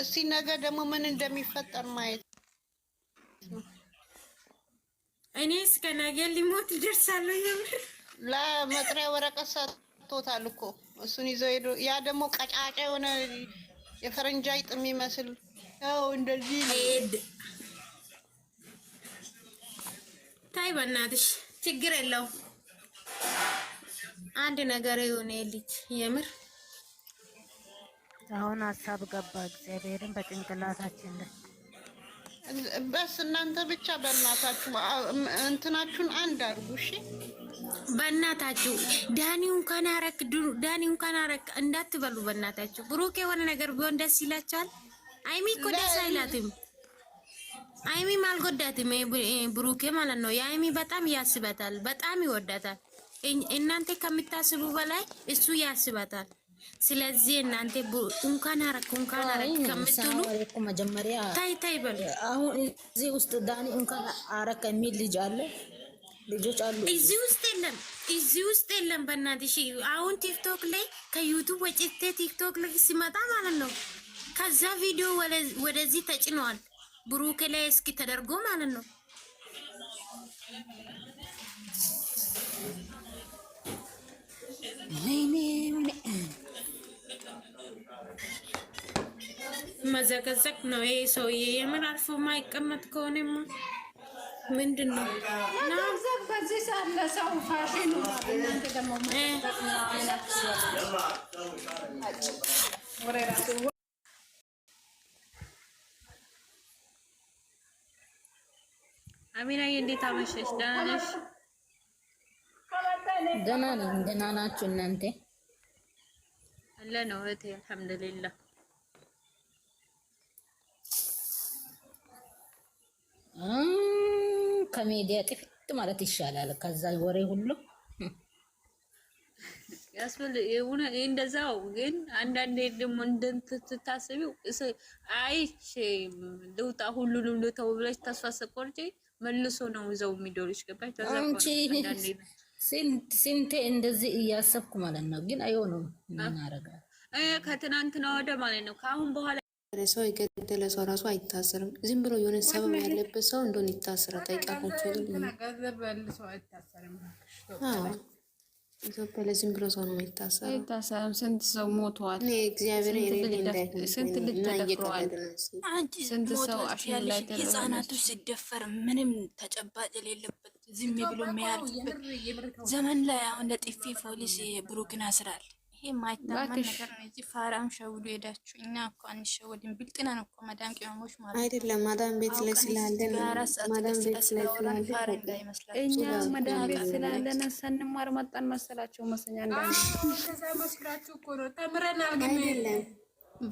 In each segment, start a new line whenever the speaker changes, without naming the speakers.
እስቲ ነገ ደግሞ ምን እንደሚፈጠር ማየት
እኔ እስከ ነገ ሊሞት ይደርሳለሁ። የምር
ለመጥሪያ ወረቀት ሰጥቶታል እኮ እሱን ይዘው ሄዶ ያ ደግሞ ቀጫጫ የሆነ የፈረንጃይ ጥም ይመስል ያው እንደዚህ
ታይ። በእናትሽ ችግር የለው አንድ ነገር የሆነ ልጅ የምር
አሁን ሀሳብ ገባ። እግዚአብሔርን በጭንቅላታችን ላይ
በስ እናንተ ብቻ በእናታችሁ እንትናችሁን አንድ አድርጉ። እሺ
በእናታችሁ ዳኒ እንኳን አረክ ዳኒ እንኳን አረክ እንዳትበሉ። በእናታችሁ ብሩክ የሆነ ነገር ቢሆን ደስ ይላቸዋል። አይሚ እኮ ደስ አይላትም። አይሚ አልጎዳትም። ብሩኬ ማለት ነው። የአይሚ በጣም ያስበታል፣ በጣም ይወዳታል። እናንተ ከምታስቡ በላይ እሱ ያስበታል። ስለዚህ እናንተ እንኳን አረክ እንኳን አረክ ከምትሉ መጀመሪያ ታይ ታይ በሉ።
አሁን እዚህ ውስጥ ዳኒ እንኳን አረክ የሚል ልጅ አለ
ልጆች አሉ። እዚህ ውስጥ የለም፣ እዚህ ውስጥ የለም። በእናትሽ አሁን ቲክቶክ ላይ ከዩቱብ ወጭቴ ቲክቶክ ላይ ሲመጣ ማለት ነው። ከዛ ቪዲዮ ወደዚህ ተጭኗል ብሩክ ላይ እስኪ ተደርጎ ማለት ነው። ወይኔ ወይኔ መዘቀዘቅ ነው ይሄ ሰውዬ። የምር አልፎ ማይቀመጥ ከሆነ ምንድን ነው? በዚህ ሰዓት ለሰው ፋሽን አሚናዬ እንዴት አመሸሽ? ደህና ነሽ?
ደህና ነኝ። ደህና ናችሁ እናንተ?
አለ ነው እህቴ፣ አልሐምዱሊላህ
ከሚዲያ ጥፍት ማለት ይሻላል። ከዛ ወሬ ሁሉ
ያስፈል የሆነ እንደዛው ግን አንዳንዴ ደግሞ እንደምትታስቢው አይቼ ልውጣ ሁሉንም ልተው ብለሽ ተስፋ ስቆርጪ መልሶ ነው ይዘው የሚዶርሽ ገባሽ። ተዛቆርጪ
ስንቴ እንደዚህ እያሰብኩ ማለት ነው። ግን አይሆንም። ምን
አደርጋለሁ። ከትናንትና ወደ ማለት ነው ከአሁን በኋላ
ሰው የገደለ ሰው ራሱ አይታሰርም። ዝም ብሎ የሆነ ሰበብ ያለበት ሰው እንደሆነ ይታሰራ ታውቂያለሽ? ኢትዮጵያ ላይ ዝም ብሎ ሰው ነው የሚታሰረው።
አይታሰርም። ስንት ሰው ሞተዋል። ስንት ሰው ህጻናቶች ሲደፈር ምንም ተጨባጭ የሌለበት ዝም ብሎ የሚያልፍበት ዘመን ላይ አሁን ለጥፊ ፖሊስ ብሩክን አስራል። ይሄ የማይታመን ነገር ነው። እዚህ ፋራም ሸውዱ ሄዳችሁ እኛ እኮ አንሸወድም። ብልጥና ነው እኮ ማዳም ቅመሞች
ማለት አይደለም። ማዳም ቤት ላይ ስላለን ማዳም ቤት
ስላለን ፋራ እንዳይመስላችሁ። እኛ ማዳም ቤት ስላለን ስንማር መጣን መሰላችሁ መሰኛ እንዳ
መስላችሁ እኮ ነው። ተምረናል ግን አይደለም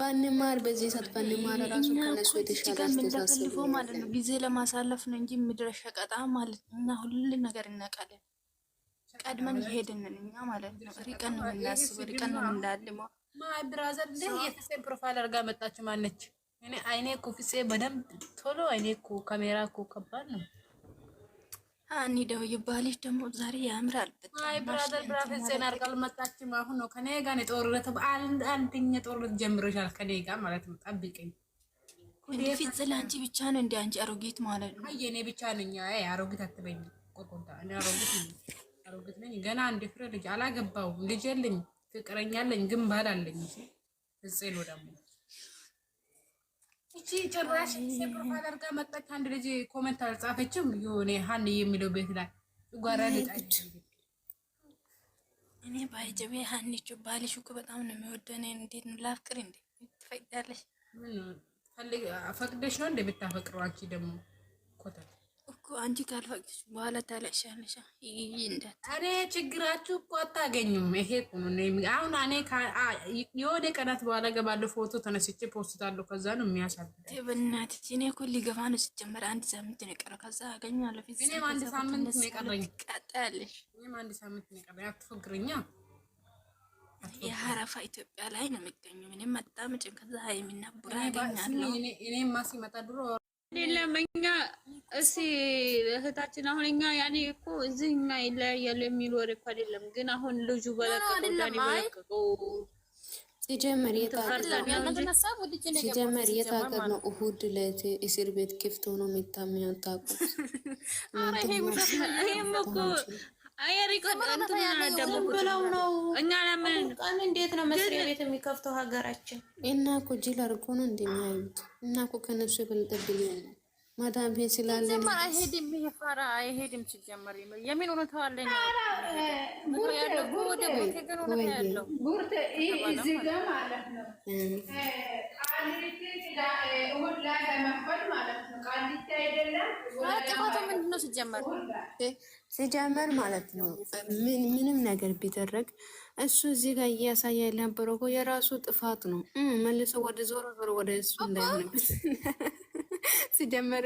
ባንማር በዚህ ሰዓት ባንማር ራሱ ከነሱ የተሻለ
አስተሳሰብ ማለት ነው። ጊዜ ለማሳለፍ ነው እንጂ ምድረ ሸቀጣ ማለት እና ሁሉ ነገር እናቃለን። ቀድመን እየሄድንን እኛ ማለት ነው። ሪቀን ነው የምናስበው፣ ሪቀን ነው የምናልመው።
ማይ ብራዘር
እንደ የፍፄን ፕሮፋይል አድርጋ መጣችሁ ማነች? እኔ አይኔ እኮ ፍፄ በደምብ ቶሎ አይኔ እኮ ካሜራ እኮ ከባድ ነው። አኒ ደው ይባልሽ ደግሞ ዛሬ ያምራል።
ማይ ብራዘር ብራ ፍፄን አድርጋ አልመጣችም። አሁን ነው ከኔ ጋ ነው ጦርነት፣ አንድ አንደኛ ጦርነት ጀምረሻል ከኔ ጋ ማለት ነው። ጠብቀኝ
እንደ ፍፄ ለአንቺ ብቻ ነው እንደ አንቺ አሮጊት ማለት
ነው። አይ እኔ ብቻ ነኝ። አይ አሮጊት አትበኝ፣ ቆርቆንታ እኔ አሮጊት ነኝ የቀረው ነኝ። ገና አንድ ፍሬ ልጅ አላገባው ልጅ የለኝ፣ ፍቅረኛ አለኝ ግን ባል አለኝ። እሺ ነው ደግሞ እቺ ጭራሽ ፕሮፋይል አድርጋ መጣች። አንድ ልጅ ኮመንት አልጻፈችም። የሆነ ሀን የሚለው ቤት ላይ ጓራ ልጣች።
እኔ ባይጀቤ ሀኒቹ ባልሽ እኮ በጣም ነው የሚወደን። እንዴት ነው ላፍቅር እንዴ ትፈቅዳለሽ?
ፈቅደሽ ነው እንደ እንደምታፈቅረው አንቺ ደግሞ
ኮተት አንቺ ካልፈቅድሽ በኋላ ታለቅሻለሻ።
እንዳት እኔ ችግራችሁ እኮ አታገኙም። ይሄ አሁን እኔ የወደ ቀናት በኋላ ገባለሁ፣ ፎቶ ተነስቼ ፖስታለሁ። ከዛ ነው የሚያሳብ
በእናትሽ እኔ እኮ ሊገባ ነው ሲጀመር። አንድ ሳምንት ነው የቀረው፣ ከዛ አገኛለሁ።
እኔም አንድ ሳምንት ነው የቀረኝ። ትቀጣለሽ። እኔም አንድ ሳምንት ነው የቀረኝ። አትፎግርኛ
የሀረፋ ኢትዮጵያ ላይ ነው የሚገኙ። እኔም መጣ መጭን ከዛ ሀይሚና ቡራ ያገኛለሁ።
እኔም ማስመጣ ድሮ
ሌለም እኛ እሺ እህታችን አሁን እኛ ያኔ እኮ እዚህ እኛ ይለያያሉ የሚል ወሬ እኮ አይደለም። ግን አሁን ልጁ በለቀቀው
ሲጀመር የታቀድ ነው። እሁድ ዕለት እስር ቤት ክፍት ሆኖ የሚታሚያታቁ ብለው ነው ቀን እንዴት ነው መስሪያ ቤት የሚከፍተው ሀገራችን? እና እኮ ጅል አድርጎ ነው እንደሚያዩት እና እኮ ከነሱ የበለጠብን ነው። ማዳም ፔን ስላለ
አይሄድም፣ ይፈራ አይሄድም። ነው። ነው
ሲጀመር ማለት ነው ምንም ነገር ቢደረግ እሱ እዚህ ጋር እያሳየ የነበረው የራሱ ጥፋት ነው። መልሶ ወደ ዞሮ ዞሮ ወደ እሱ እንዳይሆንበት ሲደመር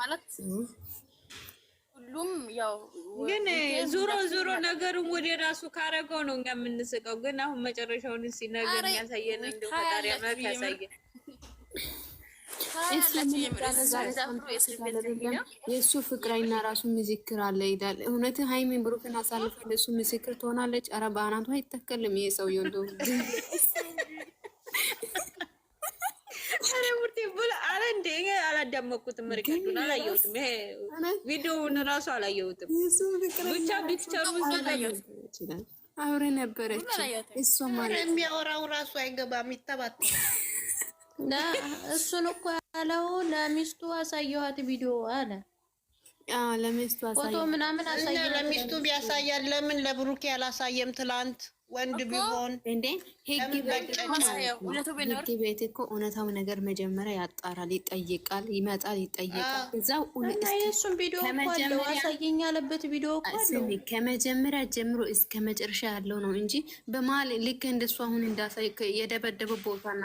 ማለት ሁሉም
ግን ዙሮ ዙሮ ነገሩን ወደ ራሱ ካረገው ነው እኛ የምንስቀው። ግን አሁን መጨረሻውን ሲነገር ያሳየን ፈጣሪ ያሳየን።
የእሱ ፍቅረኛ ራሱ ምስክር አለ ይላል። እውነት ሀይሚ ብሩክን አሳልፈ ለእሱ ምስክር ትሆናለች። ኧረ በአናቱ አይተከልም ይሄ ሰው የወንዶ
አላዳመኩትም፣ ርቀቱን አላየሁትም፣ ቪዲዮውን ራሱ አላየሁትም። ብቻ ፒክቸሩ
አብረ ነበረች
እሱ ማለት የሚያወራው ራሱ አይገባም ይተባታል
እሱን እኮ ያለው ለሚስቱ አሳየኋት ቪዲዮ አለ። ለሚስቱ ፎቶ ምናምን
አሳየ። ለሚስቱ ቢያሳያል ለምን ለብሩኬ አላሳየም? ትላንት ወንድ ቢሆን
እንዴ ህግ ቤት እኮ እውነታው ነገር መጀመሪያ ያጣራል፣ ይጠይቃል፣ ይመጣል፣ ይጠይቃል። እዛው
እሱን ቪዲዮ አሳየኝ ያለበት ቪዲዮ
ከመጀመሪያ ጀምሮ እስከ መጨረሻ ያለው ነው እንጂ በመሀል ልክ እንደሱ አሁን እንዳሳይ የደበደበው ቦታና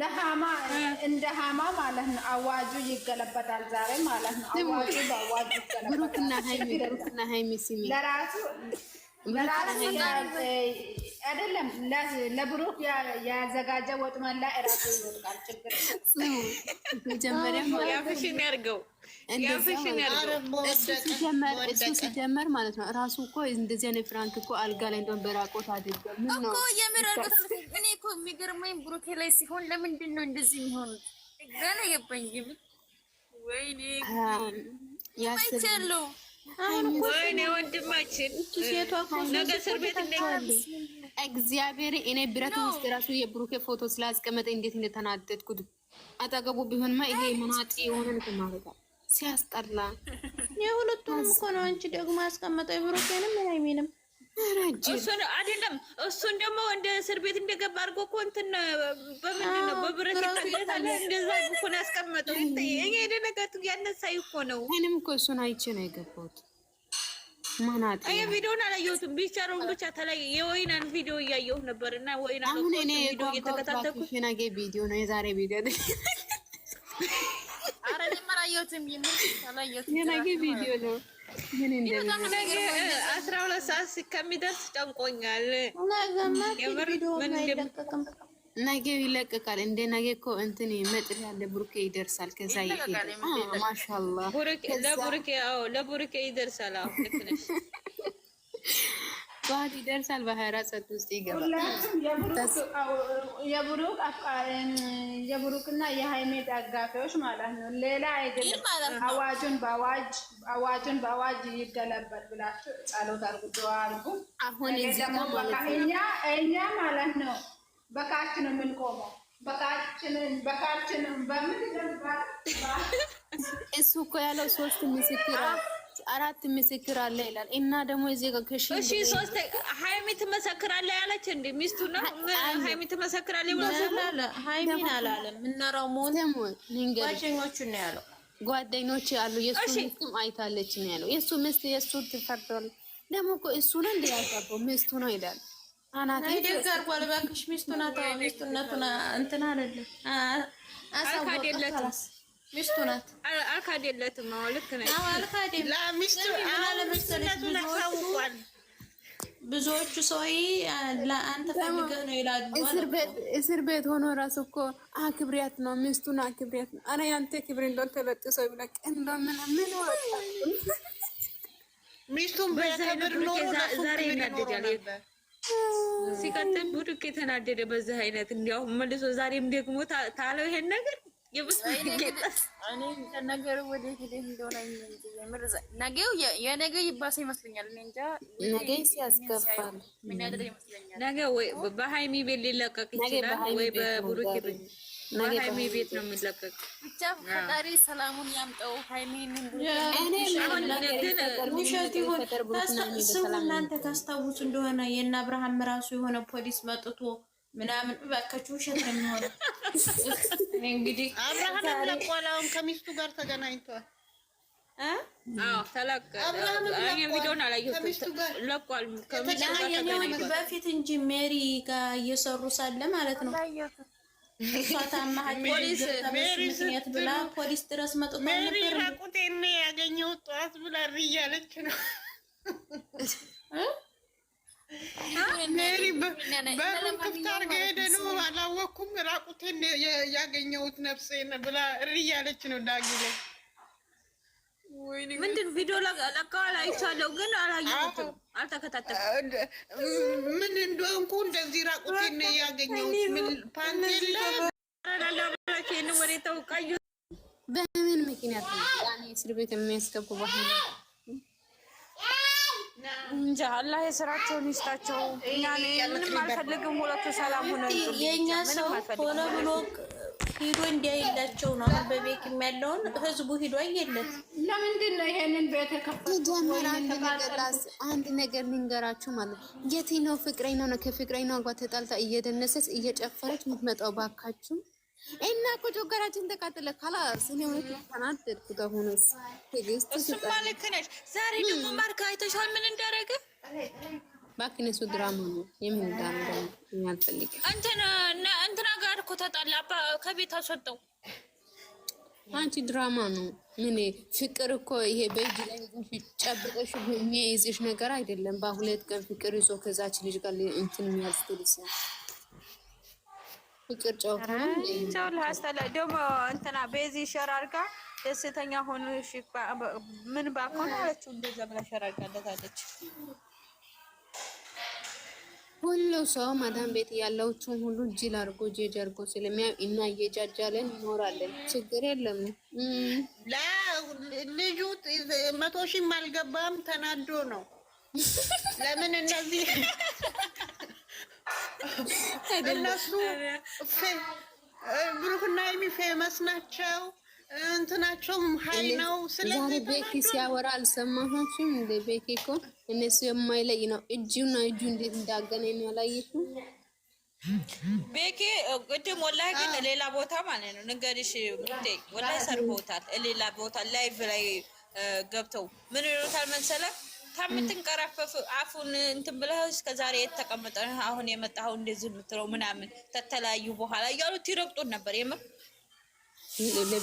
ለሃማ እንደ ሃማ ማለት ነው። አዋጁ ይገለበጣል ዛሬ ማለት ነው። አዋጁ በአዋጁ
ይገለበጣል። ብሩክና ሃይሚ
ለራሱ አይደለም ለብሩክ ያዘጋጀ ወጥመላ እራሱ ይወድቃል። ችግር
እሱ ሲጀመር ማለት ነው። እራሱ እኮ እንደዚህ አይነት ፍራንክ እኮ አልጋ ላይ እንደውም በራቆት አድርገው
ምን ነው እኔ እኮ የሚገርመኝ ብሩክ ላይ ሲሆን ለምንድን ነው እንደዚህ የሚሆኑት? ገና ገባኝ። ወይኔ ያለው
ወይኔ ወንድማችን ነገ እስር ቤት
እግዚአብሔር እኔ ብረት ውስጥ ራሱ የብሩኬ ፎቶ ስላስቀመጠ እንዴት እንደተናደድኩት። አጠገቡ ቢሆንማ ይሄ መናጤ የሆነ ሲያስጠላ።
የሁለቱም እኮ ነው። አንቺ ደግሞ ያስቀመጠው የብሩኬንም የሃይሚንም
አይደለም እሱን ደግሞ እንደ እስር ቤት እንደገባ አድርጎ እኮ እንትን በምንድን ነው በብረት ይታገታል። እንደዛ እኮ ነው ያስቀመጠው። እኔ የደነገጡ ያነሳኝ እኮ ነው።
እኔም እኮ እሱን አይቼ ነው የገባሁት። ማናት
ቪዲዮን አላየሁትም። ቢቻረውን ብቻ ተላይ የወይናን ቪዲዮ እያየሁ ነበር እና ወይና
አሁን እኔ ቪዲዮ እየተከታተልኩ ነገ ቪዲዮ ነው የዛሬ ቪዲዮ የነገ ቪዲዮ ነው።
ነገ አስራ ሁለት ሰዓት እስከሚደርስ ጨንቆኛል።
ነገ ይለቀቃል። እንደ ነገ እኮ እንትን መጥሪ ያለ ቡርኬ ይደርሳል። ከዛ ይሄዳል።
ለቡርኬ ይደርሳል። ልክ ነሽ
ጠዋት ይደርሳል። በሀራ ሰዓት ውስጥ ይገባል።
የብሩክ የብሩክና የሃይሜ ደጋፊዎች ማለት ነው። ሌላ አይደለም። አዋጁን በአዋጅ አዋጁን በአዋጅ ይገለበጥ ብላችሁ ጸሎት አርጉ፣ አርጉ። አሁን እኛ እኛ ማለት ነው በካች ነው የምንቆመው። በካችንን በካችንን በምን
እሱ እኮ ያለው ሶስት ምስክር አራት ምስክር አለ ይላል እና ደግሞ እዚህ ጋር ከሺ
እሺ ሶስት ሃይሚ ትመሰክራለ ያለች እንደ ሚስቱ ነው። ሃይሚ ትመሰክራለ
ይላል። ሃይሚን አላለም። ምናራው ሞን ጓደኞቹ ነው ያለው።
ጓደኞች አሉ። የሱ ሚስትም አይታለች ነው ያለው። የሱ ሚስት የሱ ትፈርዳል። ደግሞ እኮ እሱ ነው እንደ ያሳበው ሚስቱ ነው ይላል።
አናቴ ደጋር ጓልባክሽ ሚስቱና ታው ሚስቱና እንትና አይደለም
አሳውቃለሁ ሚስቱ ናት። አልካድ የለትም። አዎ ልክ ነህ።
ብዙዎቹ ሰው ለአንተ ፈልገህ ነው ይላሉ። እስር ቤት ሆኖ ራሱ እኮ አክብሪያት ነው ሚስቱን አክብሪያት ነው። ኧረ ያንተ ክብር እንደሆነ ተበጥሶ ይብለቅ እንደሆነ ምን
ሚስቱን
በክብር ኖሮ ዛሬ ይናደዳል። ሲቀጥል ቡድቅ የተናደደ በዚህ አይነት እንዲያው መልሶ ዛሬም ደግሞ ታለው ይሄን ነገር
የነገ ይመስለኛል። እኔ እንጃ
ነገ ሲያስከፋል
ነገ ወይ በሀይሚ ቤት ሊለቀቅ ይችላል ወይ በብሩክ በሀይሚ ቤት ነው የሚለቀቅ።
ብቻ ፈጣሪ ሰላሙን ያምጠው። ሀይሚን
ውሸት ይሆን ስሙ እናንተ ታስታውሱ እንደሆነ የእነ አብርሃም ራሱ የሆነ ፖሊስ መጥቶ ምናምን እባካችሁ ውሸት ነው የሚሆነው።
እንግዲህ አብርሃም ለቋል። አሁን ከሚስቱ ጋር ተገናኝተዋል። ተላቀሚስቱ
በፊት እንጂ ሜሪ ጋር እየሰሩ ሳለ ማለት ነው። እሷ
ታማሀሪስምክንያት
ብላ ፖሊስ ድረስ መጥቶ
ሜሪ ራቁቴን ያገኘሁት ጠዋት ብላ እያለች ነው ሜሪ በሩን ክፍት አድርጋ ሄደ ነው አላወኩም። ራቁቴን ያገኘሁት ነፍሴ ብላ እሪ እያለች ነው ዳጊ
ምንድን ቪዲዮ ለቀዋል አይቻለሁ፣ ግን አላየሁትም፣ አልተከታተልኩም።
ምን እንደሆንኩ እንደዚህ ራቁቴን ያገኘሁት ምን ፓንት የለ
በምን ምክንያት ነው እስር ቤት የሚያስገቡ ባህል
እንጃ አላህ የስራቸውን ይስጣቸው። እኛ ምንም አልፈልግም። ሁለቱ ሰላም ሆነ
የእኛ ሰው ሆነ ብሎ ሂዶ እንዲያይላቸው ነው። አሁን በቤት የሚያለውን ህዝቡ ሂዶ አየለት።
ለምንድን ነው ይሄንን
አንድ ነገር ልንገራችሁ ማለት ነው። የትኛው ፍቅረኛ ነው ከፍቅረኛ ጋር ተጣልታ እየደነሰች እየጨፈረች የምትመጣው? ባካችሁ እና እኮ ጆጋራችን ተቃጥለ ካላስ እኔ ወይ ተናደድኩ። ከሆነስ
ትግስት እሱማ ልክ ነሽ። ዛሬ ደግሞ ማርካ አይተሻል ምን እንዳደረገ?
እባክህ እሱ ድራማ ነው የምን ዳምዳ
ያልፈልግ እንትና እንትና ጋር እኮ ተጣላ። አባ ከቤት አስወጣው።
አንቺ ድራማ ነው ምን ፍቅር እኮ ይሄ በእጅ ላይ ጨብቀሽ የሚያይዝሽ ነገር አይደለም። በሁለት ቀን ፍቅር ይዞ ከዛች ልጅ ጋር እንትን የሚያልፍ ነው ፍቅር ሰው
ለሀሰለ ደግሞ እንትና ቤዚ ሸር አድርጋ ደስተኛ ሆኖ ምን ባኮን አለችው። እንደዛ ብላ ሸር እንደታለች
ሁሉ ሰው ማዳም ቤት ያለውችን ሁሉ ጅል አርጎ ጄጅ አርጎ ስለሚያ እና እየጃጃለን ይኖራለን። ችግር የለም።
ልጁ መቶ ሺህም አልገባም። ተናዶ ነው ለምን እነዚህ እነሱ ብሩክና ሀይሚ ፌመስ ናቸው። እንትናቸውም ሀይ ነው። ስለዚህ
ቤኪ ሲያወራ አልሰማችም? እንደ ቤኪ እኮ እነሱ የማይለይ ነው። እጁና እጁ እንዴት እንዳገናኝ ያላየችው
ቤኪ ቅድም ወላሂ ግን ሌላ ቦታ ማለት ነው ንገሪሽ፣ ወላሂ ሰርቦታል። ሌላ ቦታ ላይቭ ላይ ገብተው ምን ይሉታል መሰለህ ታምትንቀረፈፍ አፉን እንትን ብለህ እስከዛሬ የተቀመጠ አሁን የመጣኸው እንደዚህ የምትለው ምናምን ተተለያዩ በኋላ እያሉት ይረግጡን ነበር። የምር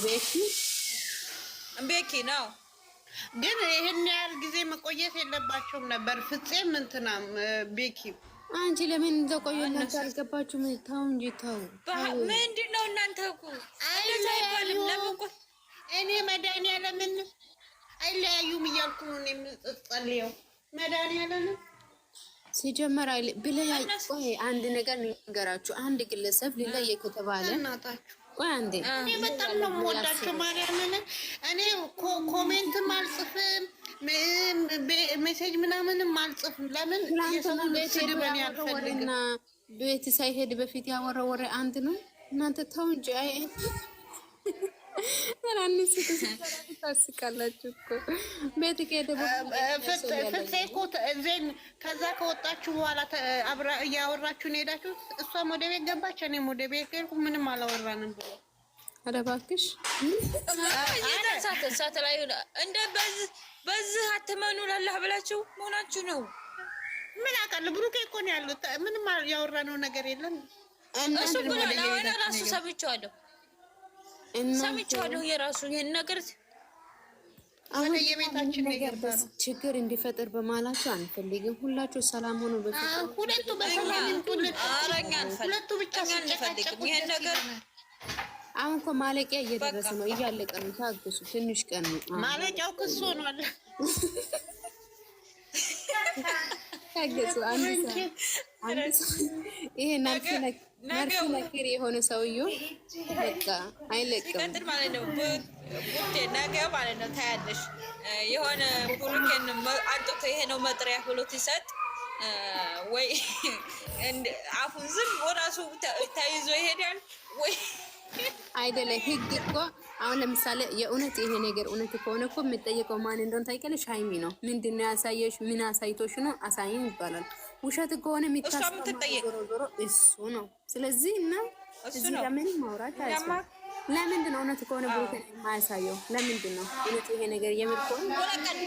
ቤኪ ቤኪ ነው። ግን ይህን ያህል ጊዜ መቆየት የለባቸውም ነበር። ፍፄም ምንትናም ቤኪ
አንቺ ለምን እንደቆየ እናንተ አልገባችሁ? ምን ታው እንጂ ታው
ምንድን ነው እናንተ እኮ እንደዛ ለምን
እኔ መድኃኒዓለምን አይለያዩም እያልኩ ነው የምጸልየው። መድኃኒዓለንም
ሲጀመር ብለያ ቆይ አንድ ነገር ንገራችሁ። አንድ ግለሰብ ሊለየ ከተባለ ቆይ አንዴ፣
እኔ በጣም ነው የምወዳቸው ማርያምን። እኔ ኮሜንትም አልጽፍም ሜሴጅ ምናምንም አልጽፍም። ለምን
የሰው ስድበን ያልፈልግና ቤት ሳይሄድ በፊት ያወረወረ አንድ ነው። እናንተ ተው እንጂ አይ ታስቃላችሁ እኮ ቤት
ዜን ከዛ ከወጣችሁ በኋላ እያወራችሁን ሄዳችሁ እሷም ወደ ቤት ገባች፣ እኔም ወደ ቤት ሄድኩ። ምንም አላወራንም ብሎ
ኧረ እባክሽ
እንደ በዚህ አትመኑ ላላህ ብላችሁ መሆናችሁ ነው።
ምን አውቃለሁ ብሩኬ እኮ ነው ያሉት። ምንም ያወራነው ነገር የለም።
እሱ ብሎ ራሱ ሰምቼዋለሁ ሰምቻለሁ። የራሱ ይሄን ነገር
አሁን የቤታችን ነገር ችግር እንዲፈጠር በማላቸው አንፈልግም። ሁላችሁ ሰላም ሆኖ ሁለቱ በሰላም
ሁለቱ ብቻ አንፈልግም። ይሄን ነገር
አሁን እኮ ማለቂያ እየደረሰ ነው፣ እያለቀ ነው። ታገሱ፣ ትንሽ ቀን ነው
ማለቂያው። ክስ ሆኗል።
ታገሱ። አንድ ሰዓት ይሄን አልፈለግም መርሱ መክሪ የሆነ ሰውዬው በቃ አይለቅም።
ሲቀጥል ማለት ነው ቡቴ ነገ ማለት ነው ታያለሽ። የሆነ ቡሩኬን አጥቶ ይሄ ነው መጥሪያ ብሎ ሲሰጥ ወይ አፉን ዝም ወራሱ ተይዞ ይሄዳል ወይ
አይደለም። ህግ እኮ አሁን ለምሳሌ የእውነት ይሄ ነገር እውነት ከሆነ እኮ የምጠየቀው ማን እንደሆነ ታውቂያለሽ? ሀይሚ ነው። ምንድን ነው ያሳየሽ? ምን አሳይቶሽ ነው? አሳይም ይባላል ውሸት ከሆነ
የሚታስጠማሮ
እሱ ነው። ስለዚህ እና እዚህ ለምን ማውራት አያስፈልግም። ለምንድን ነው እውነት ከሆነ ብሩክን የማያሳየው? ለምንድን ነው እውነት ይሄ ነገር የምር ከሆነ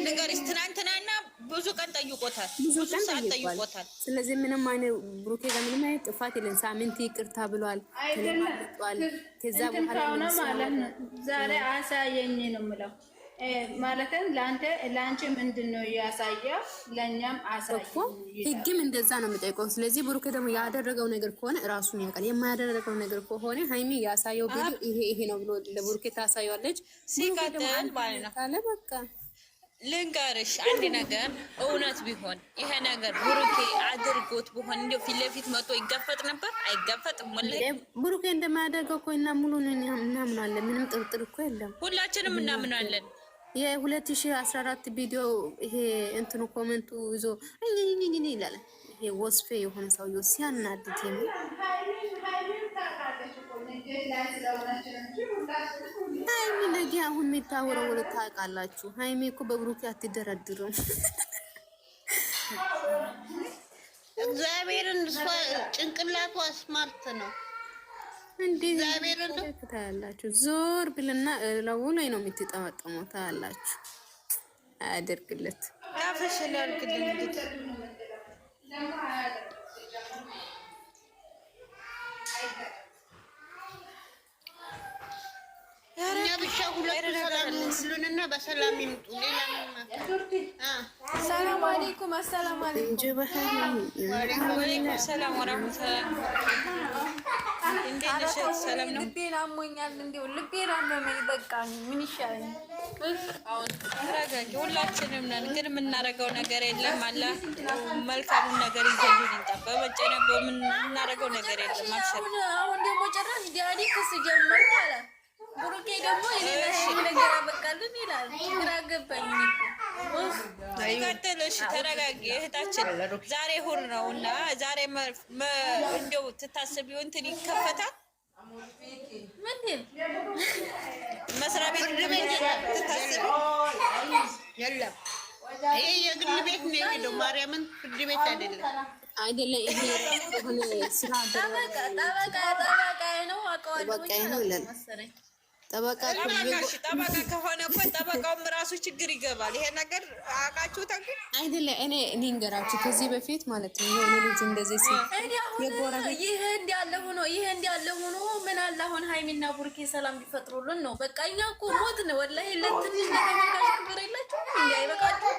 ነገርስ ትናንትናና ብዙ ቀን ጠይቆታል፣ ብዙ ቀን ጠይቆታል።
ስለዚህ ምንም አይነት ብሩኬ ጋር ምንም አይነት ጥፋት የለን። ሳምንት ይቅርታ ብሏል፣
ተለማመጧል። ከዛ በኋላ ዛሬ አሳየኝ ነው የምለው ማለትም ለአንተ ለአንቺ ምንድን ነው ያሳያ ለእኛም አሳያ።
ህግም እንደዛ ነው የምጠይቀው ስለዚህ ብሩኬ ደግሞ ያደረገው ነገር ከሆነ እራሱን ያውቃል። የማያደረገው ነገር ከሆነ ሀይሚ ያሳየው ቪዲዮ ይሄ ይሄ ነው ብሎ ለብሩኬ ታሳየዋለች።
ሲቀጥል ማለት ነው በቃ ልንገርሽ አንድ ነገር እውነት ቢሆን ይሄ ነገር ብሩኬ አድርጎት ቢሆን እንዲ ፊት ለፊት መቶ ይጋፈጥ ነበር አይጋፈጥም።
ብሩኬ እንደማያደርገው እኮ እናምናለን። ምንም ጥርጥር እኮ የለም።
ሁላችንም እናምናለን።
የ2014 ቪዲዮ ይሄ እንትኑ ኮሜንቱ ይዞ እኝኝኝኝ ይላል። ይሄ ወስፌ የሆነ ሰውዬው ሲያናድድ የሚል ሀይሚ ነገ አሁን የሚታወረው ታውቃላችሁ። ሀይሚ እኮ በብሩኬ አትደረድርም።
እግዚአብሔርን እሷ ጭንቅላቷ ስማርት ነው። እንዲታያላችሁ።
ዞር ብልና ለው ላይ ነው የምትጠመጠሙ ታያላችሁ። አያደርግለት
እኛ ብቻ ሁለቱ ሰላም ሁሉንና በሰላም ይምጡ።
ሰላም አለይኩም አሰላም አለይኩም አሞኛል፣ እንዲሁ ልቤን አመመኝ። በቃ ምን ይሻለኝ?
ተረጋጊ። ሁላችንም ነን፣ ግን የምናደርገው ነገር የለም። አለ መልካሙን ነገር ይዘልን እንጣ። በመጨነቅ የምናደርገው ነገር የለም።
አሁን ደግሞ ጭራሽ ዲያሊክስ ጀመሩ ማለት ብሩኬ ደግሞ የሌላ ነገር አበቃልን ይላል። ግራ ገባኝ።
ቀጥል። እሺ ተረጋጊ እህታችን። ዛሬ እሑድ ነው እና ዛሬ እንደው ትታስቢው እንትን ይከፈታል ምንድን መስሪያ ቤት የለም። ይሄ የግል ቤት ነው የሚሄደው። ማርያምን ፍርድ ቤት አይደለም
አይደለም። ይሄ
የሆነ ጠበቃ ነው አውቀዋለሁ
መሰለኝ ጠበቃ ከሆነ እኮ ጠበቃውም ራሱ ችግር ይገባል። ይሄ ነገር አውቃችሁት
አይደለ? እኔ እኔ ልንገራችሁ ከዚህ በፊት ማለት ነው የሆነ ልጅ እንደዚህ ሲ
ይህ እንዲያለ ሆኖ ይህ እንዲያለ ሆኖ ምን አለ አሁን ሀይሚና ቡርኬ ሰላም ቢፈጥሩልን ነው። በቃ እኛ እኮ ሞት ነው ወላሂ ለትንሽ ነገር ነገር የላችሁ እንዲ አይበቃችሁ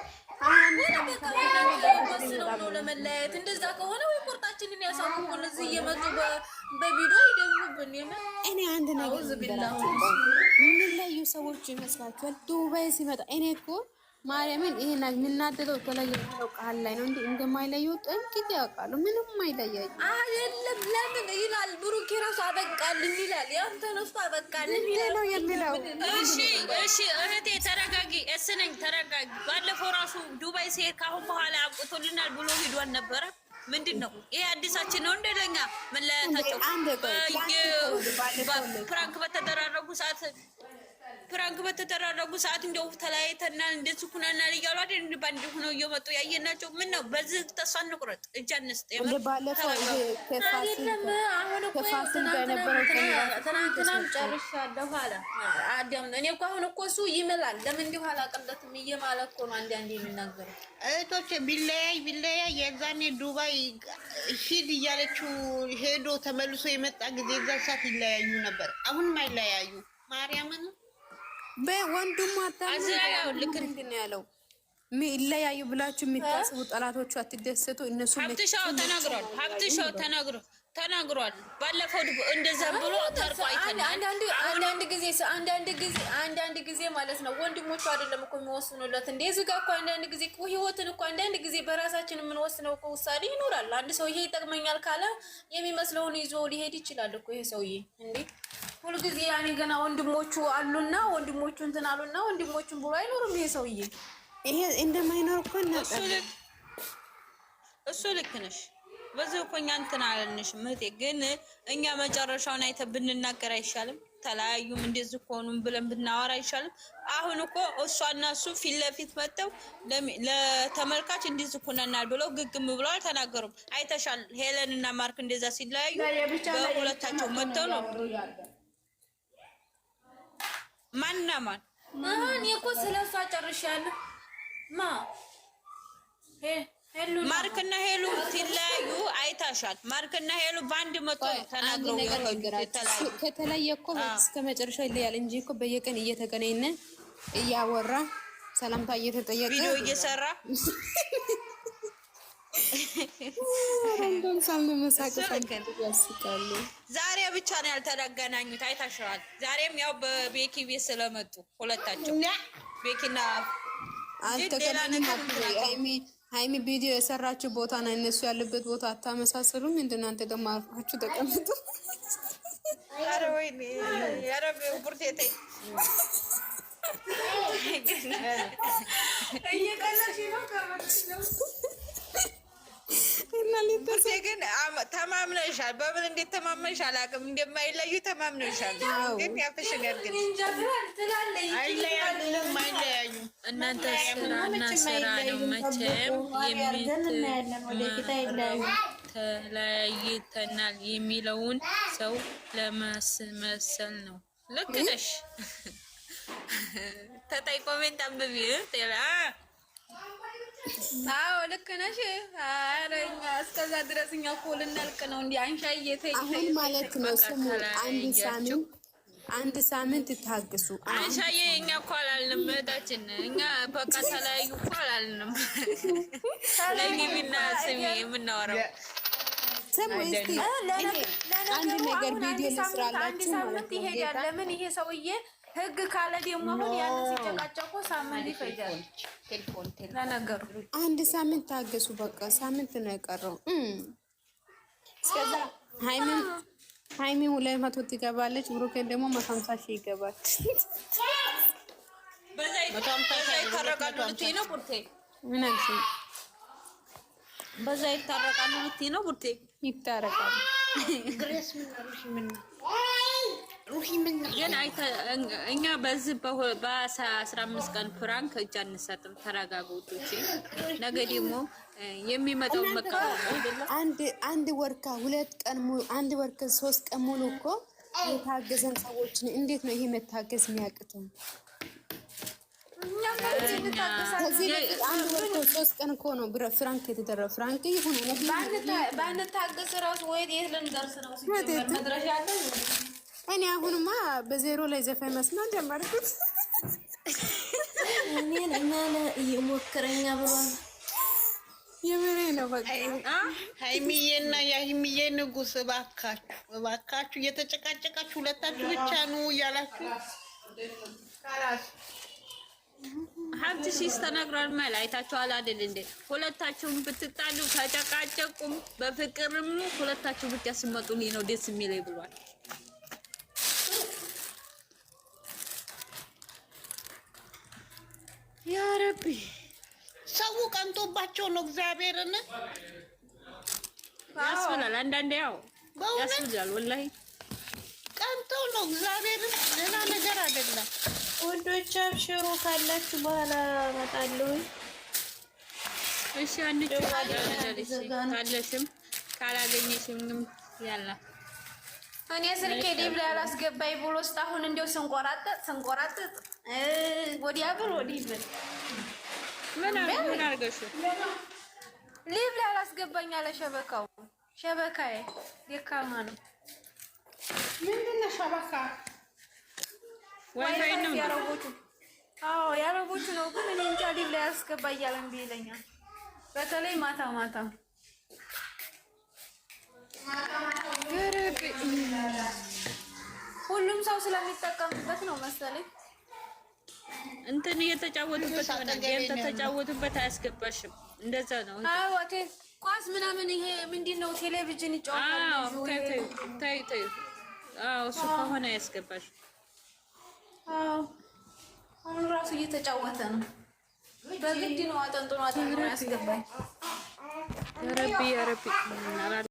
ወስነው ነው ለመለያየት። እንደዛ ከሆነ ወይ ቁርጣችንን ያሳውቁን። እዚህ እየመጡ በቪዲዮ ይደግሙብን።
እኔ አንድ ነገር ምን ሰዎች ይመስላችኋል? ዱባይ ሲመጣ እኔ እኮ ማርያምን ይሄን የምናደደው የተለየ ቃል ላይ ነው እንዴ? እንደማይለየው ጥንቅት ያውቃሉ። ምንም አይለያዩ
የለም። ለምን ይላል ብሩክ ራሱ አበቃልን ይላል። ያም ተነስቶ አበቃልን ይላል ነው የሚለው። እሺ፣ እሺ፣ እህቴ ተረጋጊ። እስነኝ ተረጋጊ። ባለፈው ራሱ ዱባይ ሲሄድ ካሁን በኋላ አብቅቶልናል ብሎ ሂዷን ነበረ። ምንድን ነው ይሄ? አዲሳችን ነው እንደለኛ
መለያታቸው
ፕራንክ በተደራረጉ ሰዓት ፕራንክ በተደራረጉ ሰዓት እንደው ተለያይተናል እንደዚህ ሁነናል እያሉ አይደል ባንድ ሆነው እየመጡ ያየናቸው። ምን ነው በዚህ ተስፋ እንቁረጥ፣ እጅ አንስጥ።
ትናንትናም ጨርሻለሁ አለ አዳም። እኔ እኮ አሁን እኮ እሱ ይምላል። ለምን እንዲሁ አላቀለትም እየማለ እኮ ነው አንዳንዴ የሚናገረው።
እህቶች ቢለያይ ቢለያይ የዛኔ ዱባይ ሂድ እያለችው ሄዶ ተመልሶ የመጣ ጊዜ እዛ ሰዓት ይለያዩ ነበር። አሁንም አይለያዩ ማርያምን ወንድሙ አታልክንትን
ያለው ይለያዩ ብላችሁ የሚታስቡ ጠላቶቹ አትደሰቱ።
እነሱ ሀብትሻው ተናግሯል። ሀብትሻው ተናግሮ ተናግሯል። ባለፈው እንደዛ ብሎ ተርቆ አይተናል።
አንዳንድ ጊዜ አንዳንድ ጊዜ አንዳንድ ጊዜ ማለት ነው ወንድሞቹ አይደለም እኮ የሚወስኑለት እንደ ዝጋ ጋር እኮ አንዳንድ ጊዜ ህይወትን እኮ አንዳንድ ጊዜ በራሳችን የምንወስነው እኮ ውሳኔ ይኖራል። አንድ ሰው ይሄ ይጠቅመኛል ካለ የሚመስለውን ይዞ ሊሄድ ይችላል እኮ ይሄ ሰውዬ እንዴ ሁልጊዜ ያኔ ገና ወንድሞቹ አሉና ወንድሞቹ እንትን አሉና ወንድሞቹን ብሎ አይኖርም ይሄ ሰውዬ።
ይሄ እንደማይኖር እኮ
እሱ ልክ ነሽ። በዚህ እኮ እኛ እንትን አለንሽ ምህቴ፣ ግን እኛ መጨረሻውን አይተ ብንናገር አይሻልም? ተለያዩም እንደዚህ ከሆኑም ብለን ብናወራ አይሻልም? አሁን እኮ እሷና እሱ ፊት ለፊት መጥተው ለተመልካች እንደዚህ ኩነናል ብለው ግግም ብለው አልተናገሩም። አይተሻል ሄለን እና ማርክ እንደዛ ሲለያዩ በሁለታቸው መጥተው ነው ማንና ማን?
እኔ እኮ ስለሷ ጨርሻለሁ። ማ
ሄሉ ማርክና ሄሉ ሲለያዩ አይታሻል። ማርክና ሄሉ በአንድ መቶ
ተናግረው ከተለየ እኮ እስከ መጨረሻ ይለያል እንጂ እኮ በየቀን እየተገናኘ እያወራ ሰላምታ እየተጠየቀ
ቪዲዮ እየሰራ ዛሬ ብቻ ነው ያልተገናኙት፣ አይታሸዋል። ዛሬም ያው በቤኪ ቤት ስለመጡ ሁለታቸው ቤኪና
ሀይሚ ቪዲዮ የሰራችው ቦታ ና እነሱ ያለበት ቦታ አታመሳሰሉም። ምንድን ነው አንተ ደግሞ አርፋችሁ ተቀምጡ።
እየቀለድሽ ነው
ግን ተማምነሻል። በምን እንዴት ተማምነሽ አቅም እንደማይለዩ
ተለያይተናል የሚለውን ሰው ለማስመሰል ነው።
ልክ ነሽ። ተጠይቆ ሜንት አንብቢ
አዎ ልክ ነሽ። ኧረ እኛ እስከዛ ድረስ እኛ እኮ ልናልቅ ነው። እንደ አንሻዬ ተይ
አሁን ማለት ነው። ስሙ አንድ ሳምንት አንድ ሳምንት ታግሱ።
አንሻዬ እኛ እኮ አላልንም፣ እህታችን እኛ በቃ ተለያዩ እኮ አላልንም። ለኒቢና ስሚ የምናወራው
ስሙ እስኪ አንድ ነገር ቪዲዮ ልስራላችሁ
ማለት ነው። ለምን ይሄ ሰውዬ ህግ ካለ ደግሞ አሁን ያንን ሲጨቃጨቁ ሳምንት ይፈጃል።
ለነገሩ አንድ ሳምንት ታገሱ። በቃ ሳምንት ነው የቀረው። እስከዛ ሃይሚን ሃይሚን ሁለት መቶ ትገባለች፣ ብሩኬን ደግሞ መቶ ሀምሳ ሺህ ይገባል።
በዛ ይታረቃሉ ብትይ ነው ቡርቴ
ይታረቃሉ።
ግሬስ ምን ምን
እኛ በዚህ በአስራ አምስት ቀን ፕራንክ እጅ አንሰጥም። ተረጋጉ ውዶቼ። ነገ ደግሞ የሚመጣው
አንድ ወር ከሁለት ቀን አንድ ወር ከሶስት ቀን ሙሉ እኮ የታገዘን ሰዎችን እንዴት ነው ይሄ መታገዝ የሚያቅተው? ሶስት ቀን እኮ ነው ፍራንክ የተደረገው። ፍራንክ ይሁን
ባንታገዝ ራሱ ወይ የት ልንደርስ ነው?
እኔ አሁንማ በዜሮ ላይ ዘፈን መስማት ጀመርኩት። እኔን እኛነ እየሞክረኛ ብሏል። የምሬ ነው። በቃ
ሀይሚዬና የሀይሚዬ ንጉስ፣ እባካችሁ እባካችሁ እየተጨቃጨቃችሁ ሁለታችሁ ብቻ ኑ እያላችሁ
ሀብት ሲስ ተነግሯል። መል አይታችኋል አይደል እንዴ? ሁለታችሁም ብትጣሉ ተጨቃጨቁም በፍቅርም ሁለታችሁ ብቻ ስመጡ ስመጡልኝ ነው ደስ የሚለኝ ብሏል። ያረቢ
ሰው ቀንቶባቸው ነው። እግዚአብሔርን
ያስብላል። አንዳንዴ ያው ያስብላል። ወላሂ
ቀንቶ ነው። እግዚአብሔርን ሌላ ነገር አይደለም።
ወንዶች አብሽሮ ካላችሁ በኋላ እመጣለሁ።
እሺ፣ አንቺ ካለሽም ካላገኘሽም ያላ እኔ ስልኬ ዲብ ላይ አላስገባኝ ብሎ እስካሁን እንዲያው ስንቆራጠጥ ስንቆራጠጥ ወዲያ ብር ወዲህ ብር ምን አርገሽ ሊብ ላይ አላስገባኝ አለ ሸበካው። ሸበካዬ ደካማ ነው።
ምንድን ነው ሸበካ?
ዋይፋይ ነው ያረቦቹ። አዎ ያረቦቹ ነው፣ ግን እኔ እንጃ ሊብ ላይ እያለ እምቢ ይለኛል። በተለይ ማታ ማታ ሁሉም ሰው ስለሚጠቀምበት ነው መሰለኝ። እንትን እየተጫወቱበት ተጫወቱበት አያስገባሽም። እንደዛ ነው አዎ ኳስ ምናምን። ይሄ ምንድን ነው ቴሌቪዥን ይጫወታል። ተይው ተይው። እሱ ከሆነ አያስገባሽም። አሁን ራሱ እየተጫወተ ነው። በግድ ነው አጠንጥኖ አጠንጥኖ ያስገባል። ረቢ ረቢ